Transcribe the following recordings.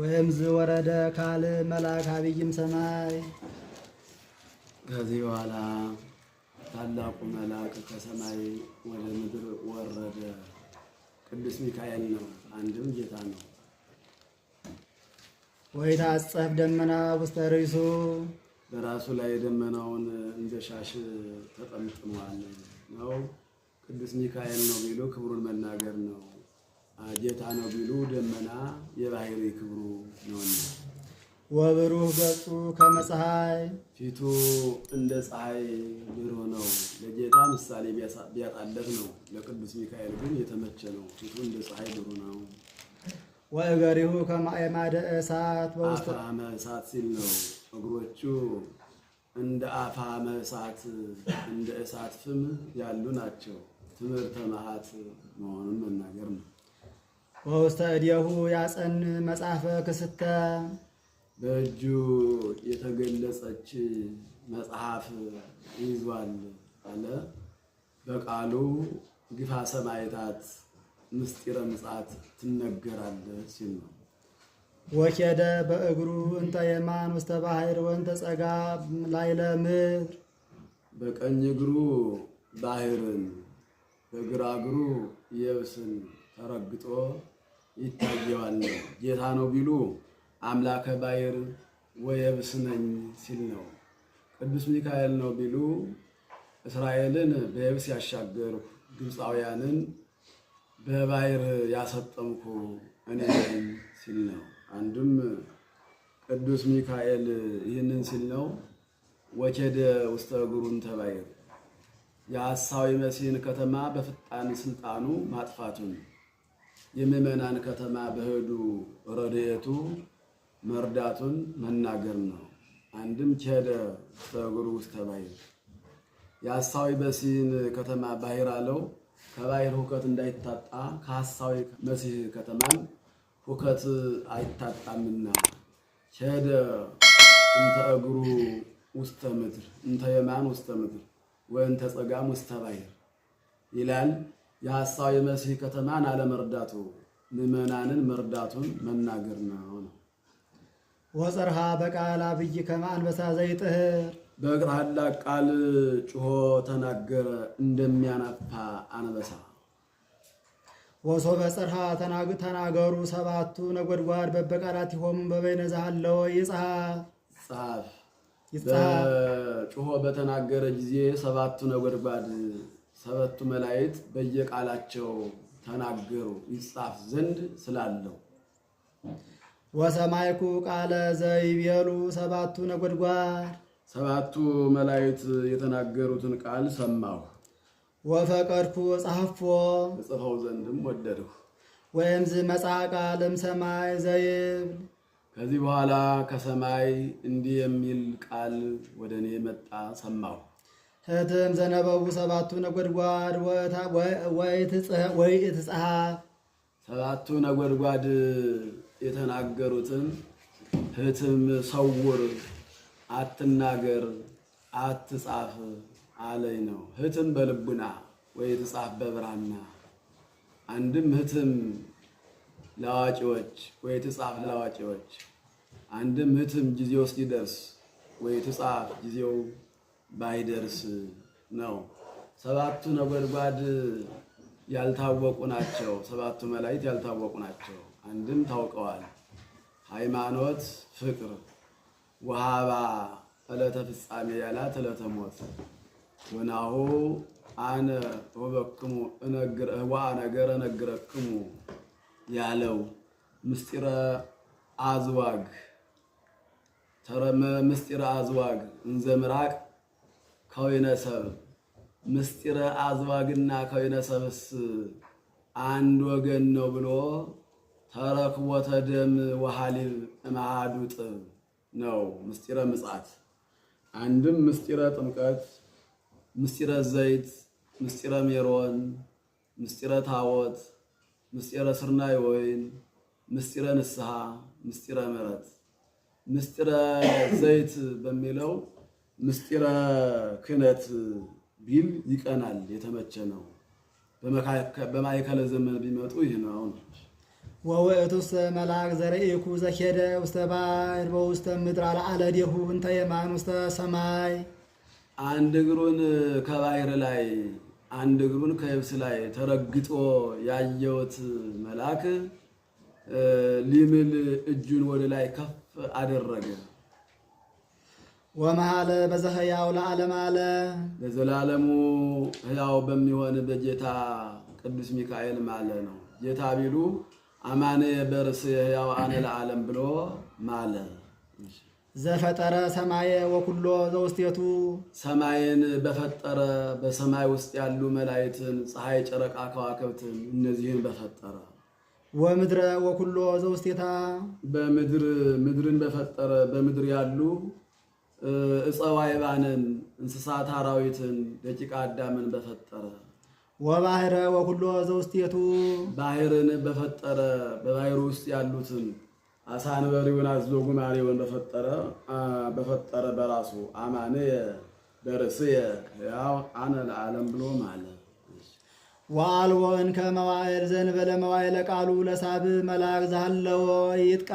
ወይም ወረደ ካል መልአክ አብይም ሰማይ። ከዚህ በኋላ ታላቁ መልአክ ከሰማይ ወደ ምድር ወረደ። ቅዱስ ሚካኤል ነው፣ አንድም ጌታ ነው። ወይታ ታጸፍ ደመና ውስተ ርእሱ፣ በራሱ ላይ ደመናውን እንደ ሻሽ ተጠምጥሟል ነው። ቅዱስ ሚካኤል ነው ቢሉ ክብሩን መናገር ነው። ጌታ ነው ቢሉ ደመና የባህሪ ክብሩ ነውና ወብሩህ ገጹ ከመፀሐይ ፊቱ እንደ ፀሐይ ብሩህ ነው። ለጌታ ምሳሌ ቢያጣለፍ ነው፣ ለቅዱስ ሚካኤል ግን የተመቸ ነው። ፊቱ እንደ ፀሐይ ብሩህ ነው። ወእገሪሁ ከመ እሳት በውስተ እሳት ሲል ነው። እግሮቹ እንደ አፍሃመ እሳት እንደ እሳት ፍም ያሉ ናቸው። ትምህርተ መዓት መሆኑን መናገር ነው። ወውስተ እዴሁ ያጸን መጽሐፈ ክስተ በእጁ የተገለጸች መጽሐፍ ይዟል አለ። በቃሉ ግፋ ሰማይታት ምስጢረ ምጽአት ትነገራለ ሲል ነው። ወኬደ በእግሩ እንተ የማን ውስተ ባህር ወንተ ጸጋ ላይለ ምድር በቀኝ እግሩ ባህርን በግራ እግሩ የብስን ተረግጦ ይታየዋል። ጌታ ነው ቢሉ አምላከ ባይር ወየብስ ነኝ ሲል ነው። ቅዱስ ሚካኤል ነው ቢሉ እስራኤልን በየብስ ያሻገርኩ ግብፃውያንን በባይር ያሰጠምኩ እኔ ነኝ ሲል ነው። አንዱም ቅዱስ ሚካኤል ይህንን ሲል ነው። ወኬደ ውስተ እግሩን ተባይር የአሳዊ መሲህን ከተማ በፍጣን ስልጣኑ ማጥፋቱን የምዕመናን ከተማ በሄዱ ረድኤቱ መርዳቱን መናገር ነው። አንድም ቸደ ተእግሩ ውስተ ባሕር የሐሳዊ በሲን ከተማ ባሕር አለው። ከባሕር ሁከት እንዳይታጣ ከሐሳዊ መሲህ ከተማን ሁከት አይታጣምና ቸደ እንተ እግሩ ውስተ ምድር እንተ የማን ውስተ ምድር ወእንተ ጸጋም ውስተ ባሕር ይላል። የሐሳዊ መሲህ ከተማን አለመርዳቱ ምዕመናንን መርዳቱን መናገር ነው ነው ወፀርሃ በቃል አብይ ከማንበሳ ዘይጥህ በእግር ታላቅ ቃል ጩሆ ተናገረ እንደሚያናፋ አንበሳ ወሶ በፀርሃ ተናገሩ ሰባቱ ነጎድጓድ በበቃላት ይሆሙ በበይነዛ ይጽሐፍ ጻፍ በተናገረ ጊዜ ሰባቱ ነጎድጓድ ሰበቱ መላእክት በየቃላቸው ተናገሩ ይጻፍ ዘንድ ስላለው ወሰማይኩ ቃለ ዘይቤሉ ሰባቱ ነጎድጓድ ሰባቱ መላእክት የተናገሩትን ቃል ሰማሁ። ወፈቀድኩ ጻፎ ጽፈው ዘንድም ወደድሁ። ወይም ዝ መጽአ ቃልም ሰማይ ዘይብል ከዚህ በኋላ ከሰማይ እንዲህ የሚል ቃል ወደ እኔ መጣ ሰማሁ። ህትም ዘነበቡ ሰባቱ ነጎድጓድ ወይ ትጽሐፍ ሰባቱ ነጎድጓድ የተናገሩትን ህትም ሰውር፣ አትናገር፣ አትጻፍ አለኝ ነው። ህትም በልቡና ወይ ትጻፍ በብራና አንድም ህትም ለአዋቂዎች ወይ ትጻፍ ለአዋቂዎች አንድም ህትም ጊዜው እስኪደርስ ወይ ትጻፍ ጊዜው ባይደርስ ነው። ሰባቱ ነጎድጓድ ያልታወቁ ናቸው። ሰባቱ መላእክት ያልታወቁ ናቸው። አንድም ታውቀዋል። ሃይማኖት፣ ፍቅር፣ ወሃባ ዕለተ ፍጻሜ ያላት ዕለተ ሞት ወናሁ አነ ወበክሙ ዋ ነገር እነግረክሙ ያለው ምስጢረ አዝዋግ ምስጢረ አዝዋግ እንዘምራቅ ከወይነ ሰብ ምስጢረ አዝባግና ከወይነ ሰብስ አንድ ወገን ነው ብሎ ተረክቦተ ደም ወሃሊብ እማዱ ጥብ ነው ምስጢረ ምጽአት። አንድም ምስጢረ ጥምቀት፣ ምስጢረ ዘይት፣ ምስጢረ ሜሮን፣ ምስጢረ ታቦት፣ ምስጢረ ስርናይ ወይን፣ ምስጢረ ንስሐ፣ ምስጢረ ምሕረት ምስጢረ ዘይት በሚለው ምስጢረ ክህነት ቢል ይቀናል፣ የተመቸ ነው። በማእከለ ዘመን ቢመጡ ይህ ነው። አሁን ወውእቱስ መልአክ ዘርኢኩ ዘኬደ ውስተ ባሕር በውስተ ምድር አለአለዴሁ እንተ የማን ውስተ ሰማይ። አንድ እግሩን ከባሕር ላይ አንድ እግሩን ከየብስ ላይ ተረግጦ ያየሁት መልአክ ሊምል እጁን ወደ ላይ ከፍ አደረገ። ወመሃለ በዘህያው ለዓለም አለ ለዘላለሙ ህያው በሚሆን በጌታ ቅዱስ ሚካኤል ማለ ነው። ጌታ ቢሉ አማነ በርስ የህያው አነ ለዓለም ብሎ ማለ። ዘፈጠረ ሰማየ ወኩሎ ዘውስቴቱ ሰማይን በፈጠረ በሰማይ ውስጥ ያሉ መላእክትን፣ ፀሐይ፣ ጨረቃ፣ ከዋክብትን እነዚህን በፈጠረ ወምድረ ወኩሎ ዘውስቴታ በምድር ምድርን በፈጠረ በምድር ያሉ እፀዋይባንን እንስሳት አራዊትን ደቂቃ አዳምን በፈጠረ ወባህረ ወሁሎ ዘውስቴቱ ባህርን በፈጠረ በባህር ውስጥ ያሉትን አሳ አንበሪውን አዞ ጉማሬውን በፈጠረ በፈጠረ በራሱ አማንየ በርእስየ ያው አነ ለዓለም ብሎ ማለ። ወአልቦ እንከ መዋዕል ዘንበለ መዋዕለ ቃሉ ለሳብ መልአክ ዘሃለወ ይጥቃ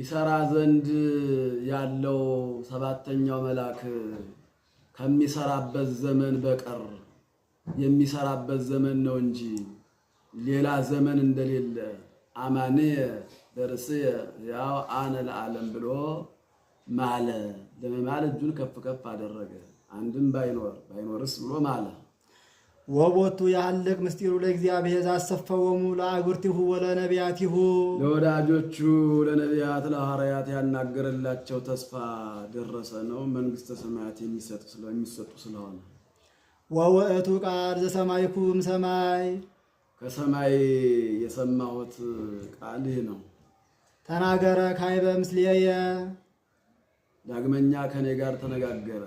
ይሰራ ዘንድ ያለው ሰባተኛው መልአክ ከሚሰራበት ዘመን በቀር የሚሰራበት ዘመን ነው እንጂ ሌላ ዘመን እንደሌለ አማንየ ደርስየ ያው አነ ለዓለም ብሎ ማለ ለመማል እጁን ከፍ ከፍ አደረገ። አንድም ባይኖር ባይኖርስ ብሎ ማለ። ወቦቱ ያለቅ ምስጢሩ ለእግዚአብሔር ዛሰፈወሙ ለአጉርቲሁ ወለነቢያቲሁ ለወዳጆቹ ለነቢያት ለሐዋርያት ያናገረላቸው ተስፋ ደረሰ ነው መንግሥተ ሰማያት የሚሰጡ ስለሆነ። ወውእቱ ቃል ዘሰማይኩም ሰማይ ከሰማይ የሰማሁት ቃል ይህ ነው። ተናገረ ካይበ ምስሌየ ዳግመኛ ከእኔ ጋር ተነጋገረ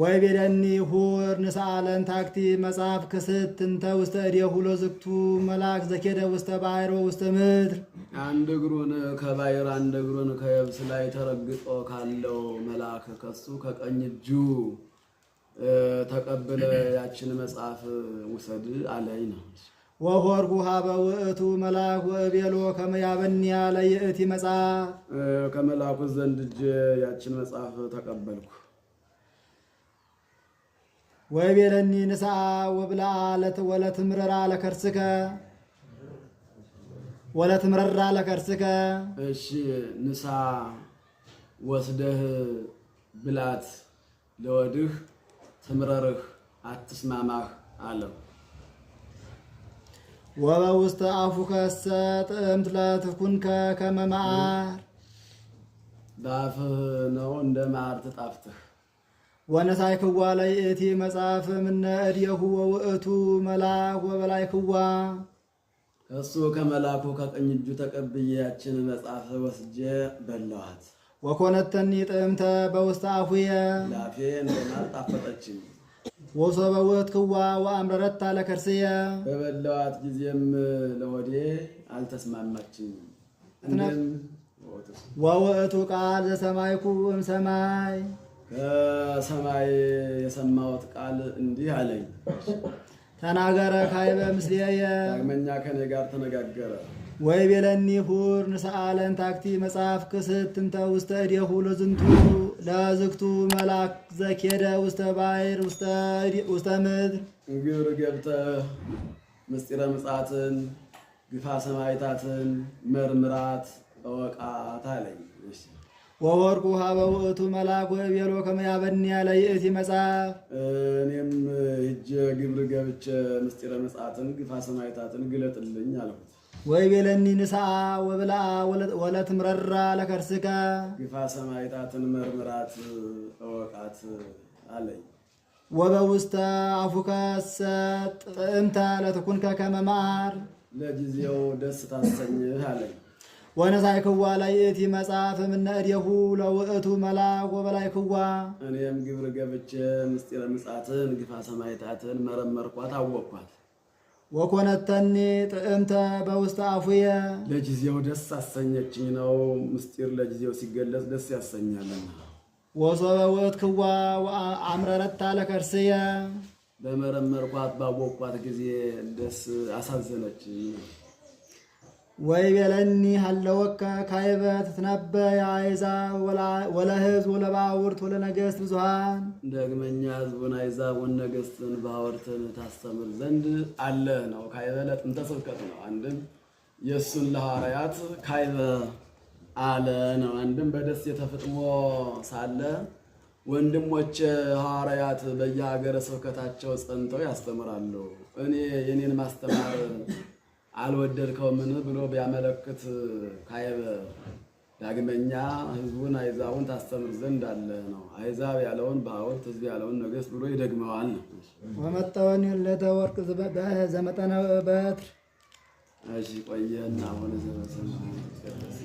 ወይ ቤደኒ ሁር ንሳለን ታክቲ መጽሐፍ ክስት እንተ ውስተ ሁሎ ዝግቱ መልአክ ዘኬደ ውስተ ባይሮ ውስተ ምድር። አንድ እግሩን ከባይር አንድ እግሩን ከየብስ ላይ ተረግጦ ካለው መልአክ ከሱ ከቀኝ እጁ ተቀብለ ያችን መጽሐፍ ውሰድ አለኝ ነው። ወሆርኩ ሀበ ውእቱ መልአክ ወእቤሎ ከመ ለይእቲ መጽሐፍ ከመልአኩ ዘንድ እጄ ያችን መጽሐፍ ተቀበልኩ። ወይቤለኒ ንስአ ወብልአ ወለትምረራ ለከርስከ ወለትምረራ ለከርስከ። እሺ ንስአ ወስደህ ብላት ለወድህ ትምረርህ አትስማማህ አለው። ወበውስተ አፉከሰ ጥዕምት ለትኩንከ ከመ መዓር በአፍህ ነው እንደ መዓር ትጣፍጥህ ወነሳይክዋ ላይ እቲ መጽሐፍ ምነ እድየሁ ወውእቱ መልአክ ክዋ እሱ ከመላኩ ከቀኝ እጁ ተቀብያችን መጽሐፍ ወስጄ በላኋት። ወኮነተኒ ጥዕምተ በውስተ አፉየ ላፌ እንደማር ጣፈጠችኝ። ወሶበ ውእትክዋ ወአምረረታ ለከርስየ በበላዋት ጊዜም ለወዴ አልተስማማችኝም። እንድም ወውእቱ ቃል ዘሰማይኩ እምሰማይ ከሰማይ የሰማሁት ቃል እንዲህ አለኝ፣ ተናገረ ካይበ ምስሌየ። ዳግመኛ ከኔ ጋር ተነጋገረ። ወይ ቤለኒ ሁር ንሰአለን ታክቲ መጽሐፍ ክስት እንተ ውስተ እዴሁ ለዝንቱ ለዝግቱ መላክ ዘኬደ ውስተ ባይር ውስተ ምድር እንግብር ገብተ ምስጢረ ምጽአትን ግፋ ሰማይታትን መርምራት እወቃት አለኝ። ወወርቁ ሀበ ውእቱ መልአክ ወቤሎ ከመ ያለ ለይእቲ መጽሐፍ። እኔም እጀ ግብር ገብቼ ምስጢረ መጽሐትን ግፋ ሰማዕታትን ግለጥልኝ አልኩት። ወይ ቤለኒ ንስአ ወብልአ ወለትምረራ ለከርስከ ግፋ ሰማይታትን መርምራት እወቃት አለኝ። ወበውስተ አፉከ ሰጥ ጥዕምተ ለትኩንከ ከመማር ለጊዜው ደስ ታሰኝህ አለኝ። ክዋ ላይ እቲ መጽሐፍ እምነእዴሁ ለውእቱ መልአክ ክዋ እኔም ግብር ገብቼ ምስጢረ ምጽአትን ግፋ ሰማይታትን መረመርኳት አወቅኳት። ወኮነተኒ ጥዕምተ በውስተ አፉየ ለጊዜው ደስ አሰኘችኝ ነው። ምስጢር ለጊዜው ሲገለጽ ደስ ያሰኛልና። ወሶበ ክዋ አምረረታ ለከርስየ በመረመርኳት ባወቅኳት ጊዜ ደስ አሳዘነችኝ። ወይ ቤለኒ ሀለወከ ካይበ ትትነበይ አሕዛብ ወለህዝብ ወለባውርት ወለነገሥት ብዙሃን ደግመኛ ህዝቡን አሕዛቡን ነገሥትን ባውርትን ታስተምር ዘንድ አለ ነው። ካይበ ለጥንተ ስብከት ነው። አንድም የእሱን ለሐዋርያት ካይበ አለ ነው። አንድም በደስ ፍጥሞ ሳለ ወንድሞች ሐዋርያት በየሀገረ ስብከታቸው ጸንተው ያስተምራሉ። እኔ የኔን ማስተማር አልወደድከው ምን ብሎ ቢያመለክት ካየበ ዳግመኛ ህዝቡን አይዛቡን ታስተምር ዘንድ አለ ነው። አይዛብ ያለውን በአወት ህዝብ ያለውን ነገስ ብሎ ይደግመዋል ነው። ወመጣወን ለተወርቅ ዘመጠነ በትር እሺ ቆየን አሁን ዘመሰ